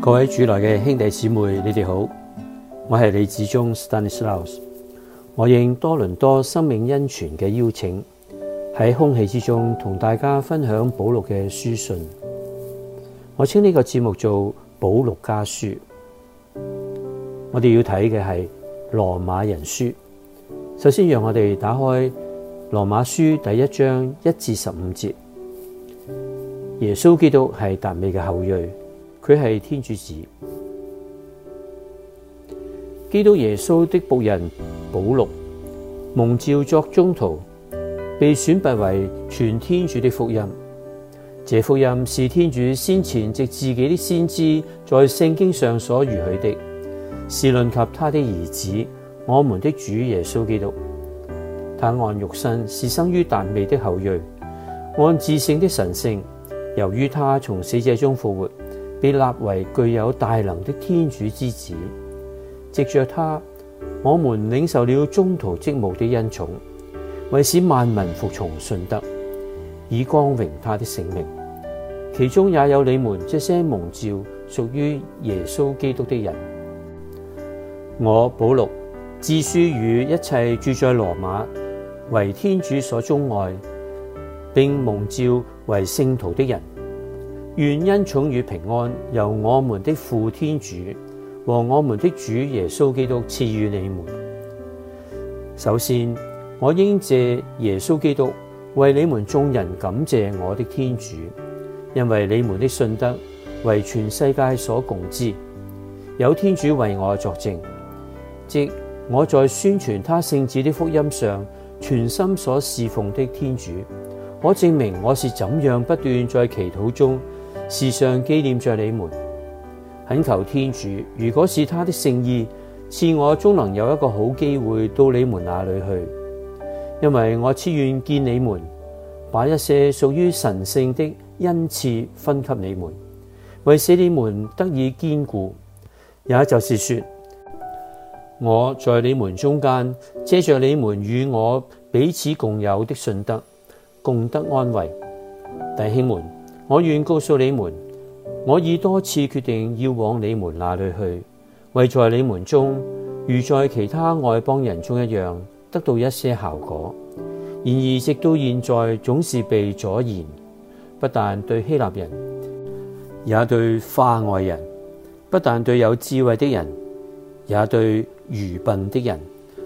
各位主內嘅兄弟姊妹，你哋好，我係李志忠 Stanislaus。我應多倫多生命恩泉嘅邀請，喺空氣之中同大家分享保祿嘅書信。我稱呢個節目做保祿家書。我哋要睇嘅係羅馬人書。首先，讓我哋打開羅馬書第一章一至十五節。耶穌基督係達美嘅後裔。佢係天主子，基督耶穌的僕人保禄蒙召作宗徒，被選拔為傳天主的福音。這福音是天主先前藉自己的先知在聖經上所預許的，是論及他的兒子，我們的主耶穌基督。他按肉身是生於達味的後裔，按至聖的神性，由於他從死者中復活。被立為具有大能的天主之子，藉着他，我們領受了中途職務的恩寵，為使萬民服從信德，以光榮他的聖名。其中也有你們這些蒙召屬於耶穌基督的人。我保祿致書與一切住在羅馬為天主所鍾愛，並蒙召為聖徒的人。願恩寵與平安由我們的父天主和我們的主耶穌基督賜予你們。首先，我應借耶穌基督為你們眾人感謝我的天主，因為你們的信德為全世界所共知，有天主為我作證，即我在宣傳他聖子的福音上全心所侍奉的天主，可證明我是怎樣不斷在祈禱中。時常紀念着你們，懇求天主，如果是他的聖意，賜我終能有一個好機會到你們那裡去，因為我自願見你們，把一些屬於神聖的恩賜分給你們，為使你們得以堅固。也就是說，我在你們中間，借着你們與我彼此共有的信德，共得安慰。弟兄們。我願告訴你們，我已多次決定要往你們那裏去，為在你們中，如在其他外邦人中一樣，得到一些效果。然而直到現在，總是被阻延。不但對希臘人，也對化外人；不但對有智慧的人，也對愚笨的人，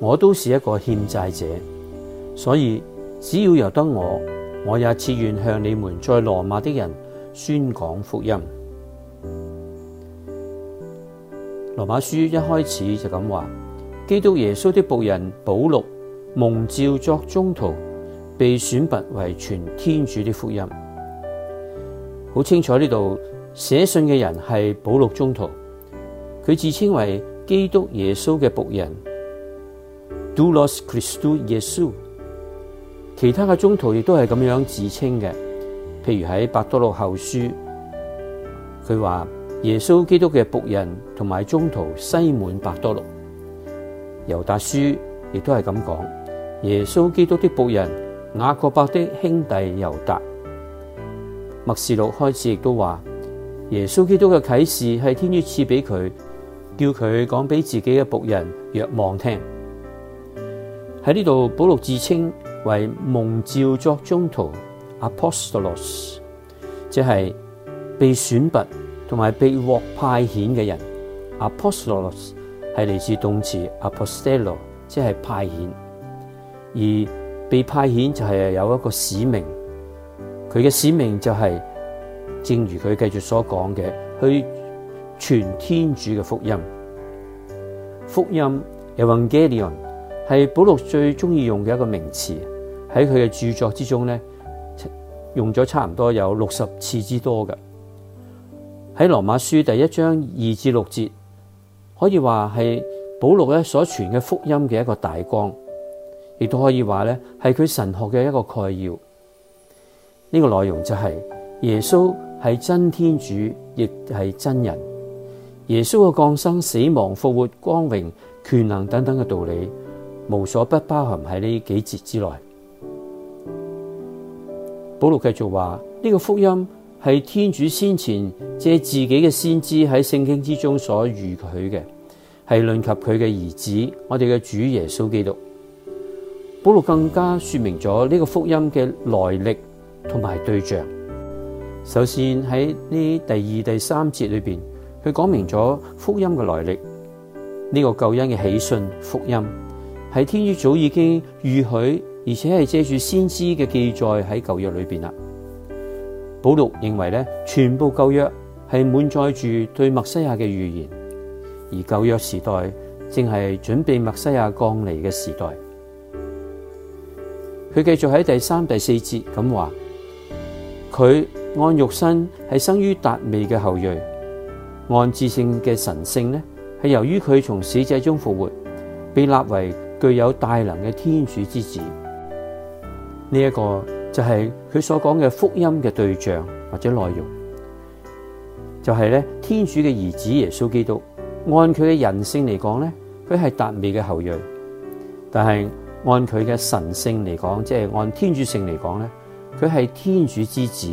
我都是一個欠債者。所以只要由得我。我也切願向你們在羅馬的人宣講福音。羅馬書一開始就咁話：基督耶穌的僕人保祿，蒙召作宗徒，被選拔為傳天主的福音。好清楚呢度寫信嘅人係保祿宗徒，佢自稱為基督耶穌嘅僕人。其他嘅宗徒亦都係咁樣自稱嘅，譬如喺伯多祿後書，佢話耶穌基督嘅僕人同埋宗徒西滿伯多祿。猶達書亦都係咁講，耶穌基督的僕人雅各伯的兄弟猶達。默示錄開始亦都話耶穌基督嘅啟示係天主賜俾佢，叫佢講俾自己嘅僕人若望聽。喺呢度保祿自稱為蒙召作宗徒 Apostolos 即係被選拔同埋被獲派遣嘅人。Apostolos 係嚟自動詞 Apostello，即係派遣。而被派遣就係有一個使命，佢嘅使命就係、是，正如佢繼續所講嘅，去傳天主嘅福音。福音 （Evangelion） 係保祿最中意用嘅一個名詞。喺佢嘅著作之中咧，用咗差唔多有六十次之多嘅。喺《羅馬書》第一章二至六節，可以話係保禄咧所傳嘅福音嘅一個大綱，亦都可以話咧係佢神學嘅一個概要。呢個內容就係耶穌係真天主，亦係真人。耶穌嘅降生、死亡、復活、光榮、權能等等嘅道理，無所不包含喺呢幾節之內。保祿繼續話：呢、這個福音係天主先前借自己嘅先知喺聖經之中所預許嘅，係論及佢嘅兒子，我哋嘅主耶穌基督。保祿更加說明咗呢個福音嘅來歷同埋對象。首先喺呢第二、第三節裏邊，佢講明咗福音嘅來歷，呢、這個救恩嘅喜訊福音係天主早已經預許。而且係借住先知嘅記載喺舊約裏邊啦。保祿認為咧，全部舊約係滿載住對默西亞嘅預言，而舊約時代正係準備默西亞降臨嘅時代。佢繼續喺第三、第四節咁話：佢按肉身係生於達味嘅後裔，按至聖嘅神性咧係由於佢從死者中復活，被立為具有大能嘅天主之子。呢一個就係佢所講嘅福音嘅對象或者內容，就係咧天主嘅兒子耶穌基督。按佢嘅人性嚟講咧，佢係達味嘅後裔；但係按佢嘅神性嚟講，即係按天主性嚟講咧，佢係天主之子。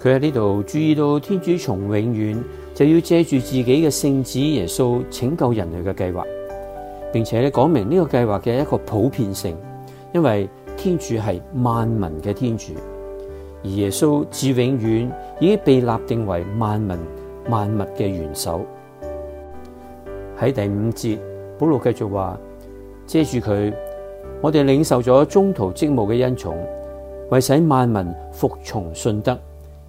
佢喺呢度注意到天主從永遠就要借住自己嘅聖子耶穌拯救人類嘅計劃，並且咧講明呢個計劃嘅一個普遍性，因為。天主係萬民嘅天主，而耶穌自永遠已經被立定為萬民萬物嘅元首。喺第五節，保祿繼續話「藉住佢，我哋領受咗宗徒職務嘅恩寵，為使萬民服從信德，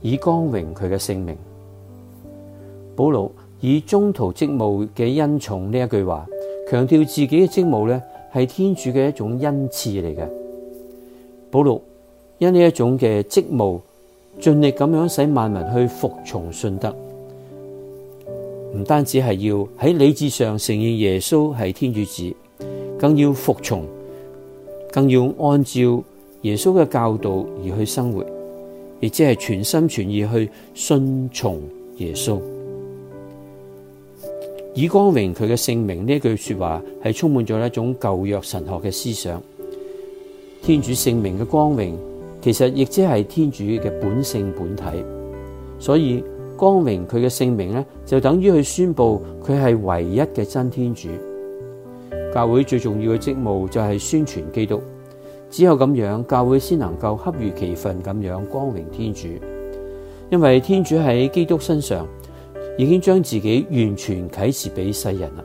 以光榮佢嘅性命。」保祿以宗徒職務嘅恩寵呢一句話，強調自己嘅職務咧係天主嘅一種恩賜嚟嘅。保祿因呢一種嘅職務，盡力咁樣使萬民去服從信德，唔單止係要喺理智上承認耶穌係天主子，更要服從，更要按照耶穌嘅教導而去生活，亦即係全心全意去順從耶穌，以光榮佢嘅聖名。呢句說話係充滿咗一種舊約神學嘅思想。天主聖名嘅光榮，其實亦即係天主嘅本性本體。所以光榮佢嘅聖名咧，就等於去宣布佢係唯一嘅真天主。教會最重要嘅職務就係宣傳基督,只有咁樣教會先能夠恰如其分咁樣光榮天主。因為天主喺基督身上已經將自己完全啟示俾世人啦，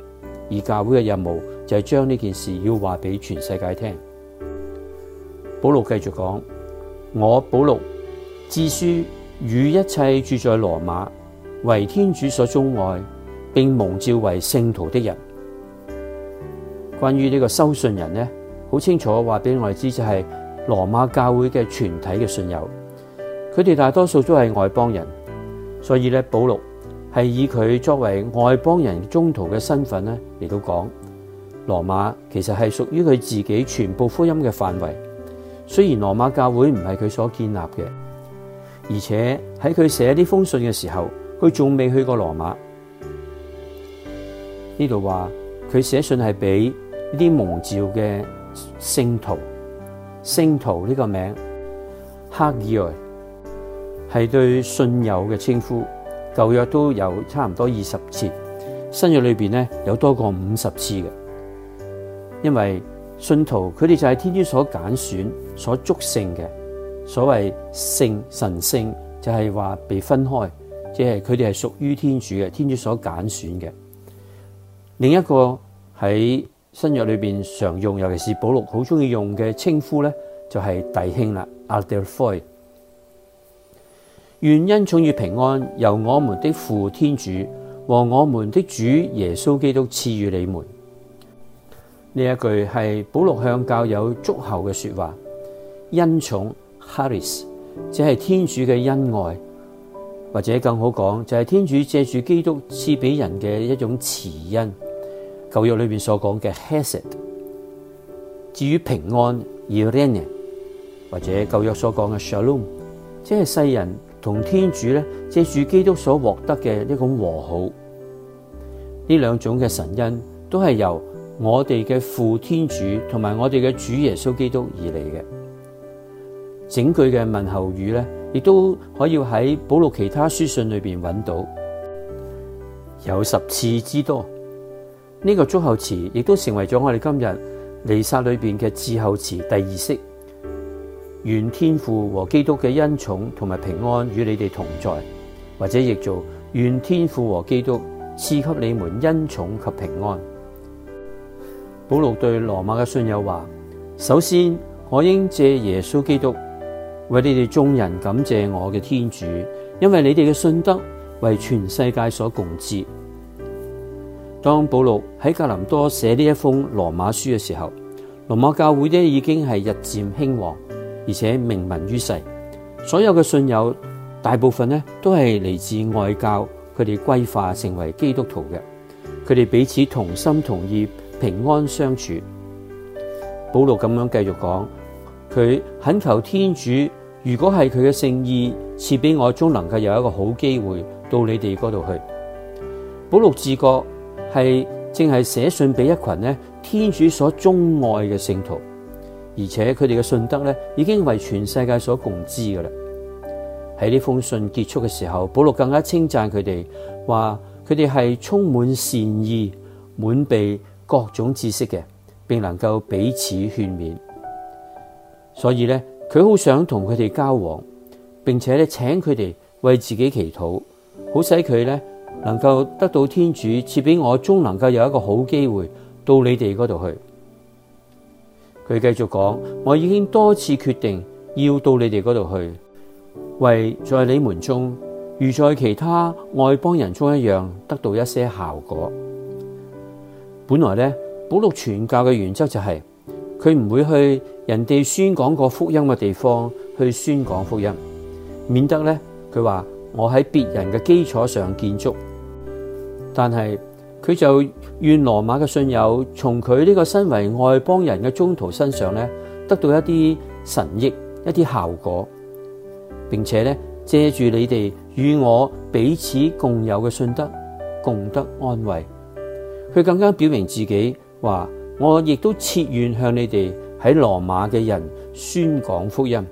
而教會嘅任務就係將呢件事要話俾全世界聽。保祿繼續講：我保祿自書與一切住在羅馬為天主所鍾愛，並蒙召為聖徒的人。關於呢個收信人呢，好清楚話俾我哋知，就係、是、羅馬教會嘅全體嘅信友。佢哋大多數都係外邦人，所以咧，保祿係以佢作為外邦人中途嘅身份咧，嚟到講羅馬，其實係屬於佢自己全部福音嘅範圍。雖然羅馬教會唔係佢所建立嘅，而且喺佢寫呢封信嘅時候，佢仲未去過羅馬。呢度話佢寫信係俾呢啲蒙召嘅聖徒，聖徒呢個名黑爾係對信友嘅稱呼。舊約都有差唔多二十次，新約裏邊咧有多過五十次嘅，因為。信徒佢哋就係天主所揀選、所祝性嘅。所謂聖、神聖就係、是、話被分開，即係佢哋係屬於天主嘅，天主所揀選嘅。另一個喺新約裏邊常用，尤其是保祿好中意用嘅稱呼咧，就係、是、弟兄啦，Adelphoi 原因重願恩寵與平安由我們的父天主和我們的主耶穌基督賜予你們。呢一句係保祿向教友祝候嘅說話，恩寵 Harris，即係天主嘅恩愛，或者更好講就係、是、天主借住基督賜俾人嘅一種慈恩。舊約裏邊所講嘅 hesed，至於平安 eirene，或者舊約所講嘅 shalom，即係世人同天主咧借住基督所獲得嘅一種和好。呢兩種嘅神恩都係由。我哋嘅父天主同埋我哋嘅主耶穌基督而嚟嘅，整句嘅問候語咧，亦都可以喺保祿其他書信裏邊揾到，有十次之多。呢、這個祝后詞亦都成為咗我哋今日彌撒裏邊嘅致候詞第二式。願天父和基督嘅恩寵同埋平安與你哋同在，或者亦做願天父和基督賜給你們恩寵及平安。保祿對羅馬嘅信友話：「首先我應借耶穌基督為你哋眾人感謝我嘅天主，因為你哋嘅信德為全世界所共知。當保祿喺格林多寫呢一封羅馬書嘅時候，羅馬教會咧已經係日漸興旺，而且名聞於世。所有嘅信友大部分都係嚟自外教，佢哋歸化成為基督徒嘅，佢哋彼此同心同意。平安相處，保祿咁樣繼續講，佢懇求天主，如果係佢嘅聖意賜俾我，終能夠有一個好機會到你哋嗰度去。保祿自覺係淨係寫信俾一群咧天主所鍾愛嘅聖徒，而且佢哋嘅信德咧已經為全世界所共知噶啦。喺呢封信結束嘅時候，保祿更加稱讚佢哋，話佢哋係充滿善意，滿備。各種知識嘅，並能夠彼此勸勉，所以咧佢好想同佢哋交往，並且咧請佢哋為自己祈禱，好使佢咧能夠得到天主賜俾我，終能夠有一個好機會到你哋嗰度去。佢繼續講：我已經多次決定要到你哋嗰度去，為在你們中，如在其他外邦人中一樣，得到一些效果。本來咧，保祿傳教嘅原則就係、是，佢唔會去人哋宣講過福音嘅地方去宣講福音，免得咧佢話我喺別人嘅基礎上建築。但係佢就願羅馬嘅信友從佢呢個身為外邦人嘅宗徒身上咧，得到一啲神益一啲效果，並且咧借住你哋與我彼此共有嘅信德，共得安慰。佢更加表明自己話：我亦都切願向你哋喺羅馬嘅人宣講福音。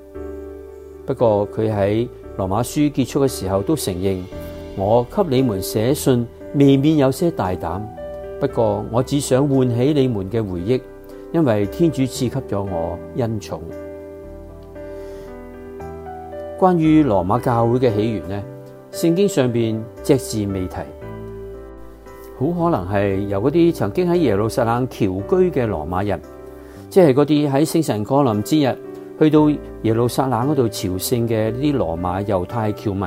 不過佢喺羅馬書結束嘅時候都承認，我給你們寫信未免有些大膽。不過我只想喚起你們嘅回憶，因為天主賜給咗我恩寵。關於羅馬教會嘅起源呢，聖經上邊隻字未提。好可能係由嗰啲曾經喺耶路撒冷僑居嘅羅馬人，即係嗰啲喺聖神降臨之日去到耶路撒冷嗰度朝聖嘅呢啲羅馬猶太僑民。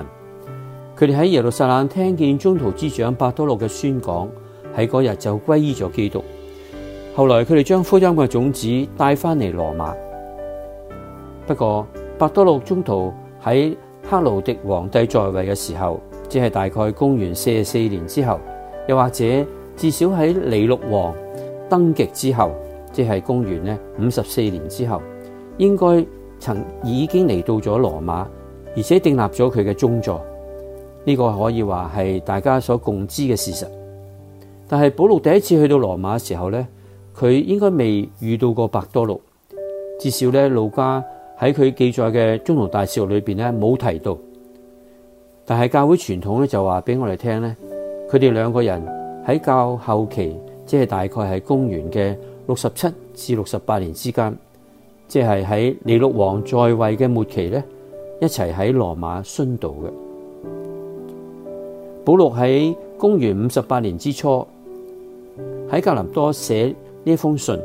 佢哋喺耶路撒冷聽見中途之長伯多祿嘅宣講，喺嗰日就皈依咗基督。後來佢哋將福音嘅種子帶翻嚟羅馬。不過，伯多祿中途喺克勞迪皇帝在位嘅時候，即係大概公元四四年之後。又或者至少喺尼祿王登極之後，即係公元咧五十四年之後，應該曾已經嚟到咗羅馬，而且訂立咗佢嘅宗座。呢、呢個可以話係大家所共知嘅事實。但係保祿第一次去到羅馬嘅時候咧，佢應該未遇到過伯多祿。至少咧，路加喺佢記載嘅《宗徒大事錄》裏邊咧冇提到。但係教會傳統咧就話俾我哋聽咧。佢哋兩個人喺較後期，即係大概係公元嘅六十七至六十八年之間，即係喺尼禄王在位嘅末期咧，一齊喺羅馬殉道嘅。保祿喺公元五十八年之初，喺格林多寫呢封信，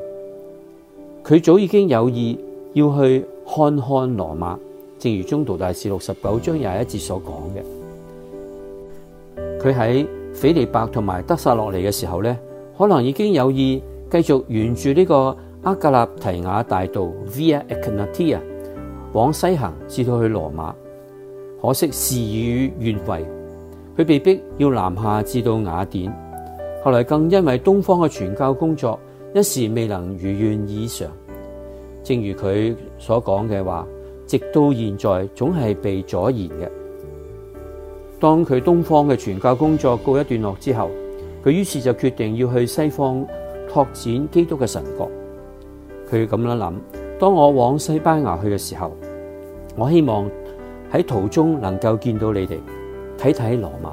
佢早已經有意要去看看羅馬，正如宗徒大事六十九章廿一節所講嘅，佢喺。菲利伯同埋德撒落嚟嘅時候咧，可能已經有意繼續沿住呢個阿格納提亞大道 （Via e i n a t i a 往西行，至到去羅馬。可惜事與願違，佢被逼要南下至到雅典。後來更因為東方嘅傳教工作一時未能如願以償，正如佢所講嘅話，直到現在總係被阻延嘅。當佢東方嘅傳教工作告一段落之後，佢於是就決定要去西方拓展基督嘅神國。佢咁樣諗：「當我往西班牙去嘅時候，我希望喺途中能夠見到你哋，睇睇羅馬。」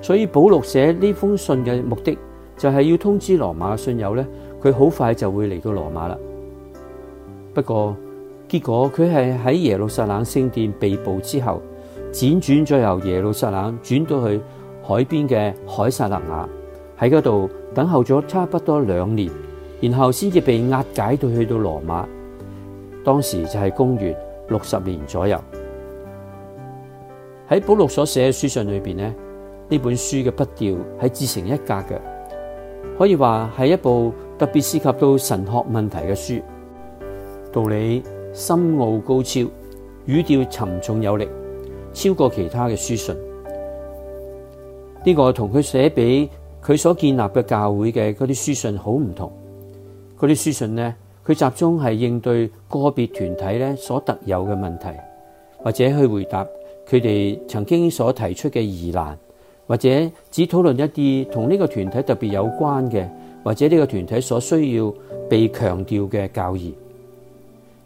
所以保祿寫呢封信嘅目的，就係要通知羅馬嘅信友咧，佢好快就會嚟到羅馬啦。不過結果佢係喺耶路撒冷聖殿被捕之後。輾轉再由耶路撒冷轉到去海邊嘅海撒納雅，喺嗰度等候咗差不多兩年，然後先至被押解到去到羅馬。當時就係公元六十年左右。喺保祿所寫嘅書信裏邊，呢本書嘅筆調係自成一格嘅，可以話係一部特別涉及到神學問題嘅書，道理深奧高超，語調沉重有力。超過其他嘅書信，呢個同佢寫俾佢所建立嘅教會嘅嗰啲書信好唔同。嗰啲書信呢，佢集中係應對個別團體呢所特有嘅問題，或者去回答佢哋曾經所提出嘅疑難，或者只討論一啲同呢個團體特別有關嘅，或者呢個團體所需要被強調嘅教義。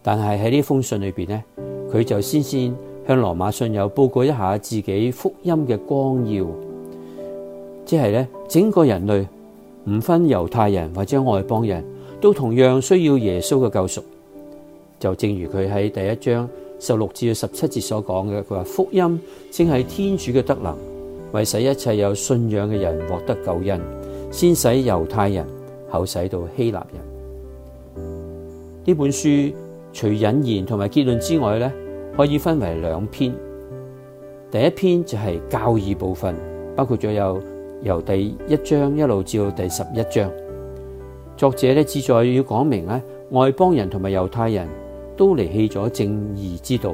但係喺呢封信裏邊呢，佢就先先，向羅馬信友報告一下自己福音嘅光耀，即係咧整個人類唔分猶太人或者外邦人都同樣需要耶穌嘅救贖。就正如佢喺第一章十六至十七節所講嘅，佢話福音正係天主嘅德能，為使一切有信仰嘅人獲得救恩，先使猶太人，後使到希臘人。呢本書除引言同埋結論之外咧。可以分為兩篇，第一篇就係教義部分，包括咗有由第一章一路至到第十一章。作者咧旨在要講明咧外邦人同埋猶太人都離棄咗正義之道。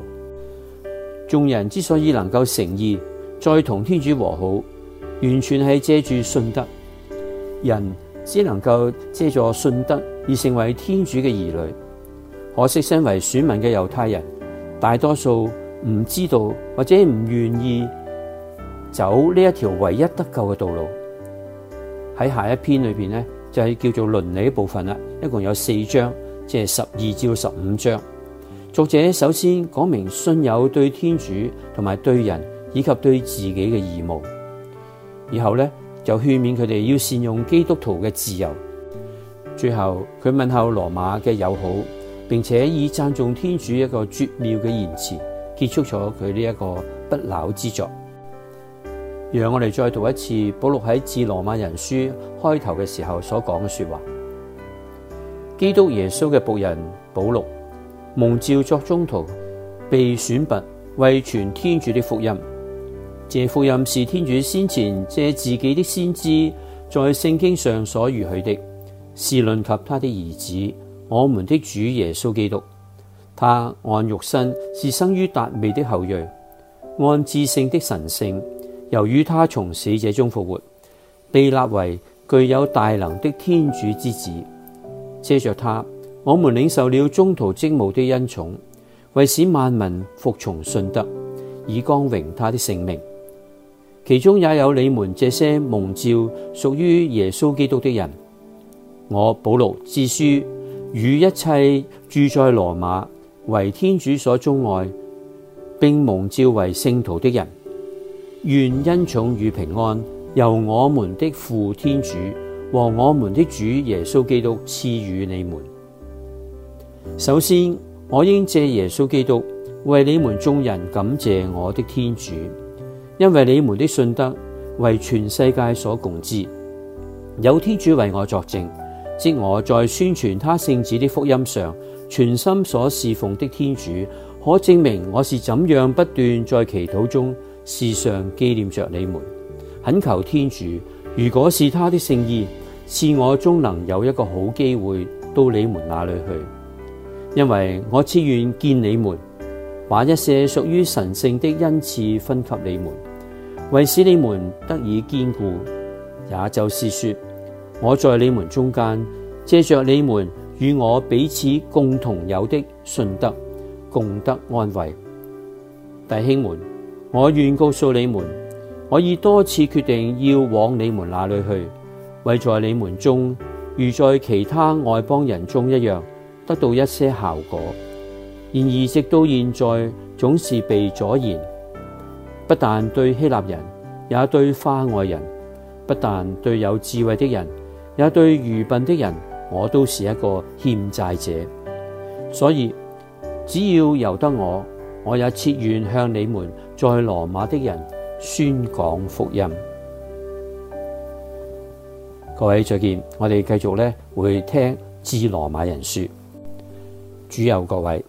眾人之所以能夠誠意再同天主和好，完全係借住信德。人只能夠借助信德而成為天主嘅兒女。可惜身為選民嘅猶太人。大多數唔知道或者唔願意走呢一條唯一得救嘅道路。喺下一篇裏邊呢，就係叫做倫理部分啦，一共有四章，即係十二至到十五章。作者首先講明信友對天主同埋對人以及對自己嘅義務，然後呢，就勸勉佢哋要善用基督徒嘅自由。最後佢問候羅馬嘅友好。並且以贊頌天主一個絕妙嘅言辭結束咗佢呢一個不朽之作，讓我哋再讀一次保祿在智羅喺致羅馬人書開頭嘅時候所講嘅說的話。基督耶穌嘅僕人保祿，蒙召作宗徒，被選拔為傳天主的福音。這福音是天主先前借自己的先知在聖經上所預許的，是論及他的兒子。我們的主耶穌基督，他按肉身是生於達味的後裔，按至聖的神性，由於他從死者中復活，被立為具有大能的天主之子。藉着他，我們領受了中途職務的恩寵，為使萬民服從信德，以光榮他的聖名。其中也有你們這些蒙召屬於耶穌基督的人。我保祿之書。與一切住在羅馬為天主所鍾愛，並蒙召為聖徒的人，願恩寵與平安由我們的父天主和我們的主耶穌基督賜予你們。首先，我應借耶穌基督為你們眾人感謝我的天主，因為你們的信德為全世界所共知，有天主為我作證。即我在宣傳他聖子的福音上，全心所侍奉的天主，可證明我是怎樣不斷在祈禱中時常紀念着你們，懇求天主，如果是他的聖意，賜我終能有一個好機會到你們那裏去，因為我只願見你們，把一些屬於神聖的恩賜分給你們，為使你們得以堅固，也就是說。我在你們中間，借着你們與我彼此共同有的信德，共得安慰。弟兄們，我願告訴你們，我已多次決定要往你們那裏去，為在你們中如在其他外邦人中一樣得到一些效果。然而直到現在，總是被阻延。不但對希臘人，也對化外人；不但對有智慧的人。也對愚笨的人，我都是一個欠債者，所以只要由得我，我也切願向你們在羅馬的人宣講福音。各位再見，我哋繼續咧會聽致羅馬人書，主佑各位。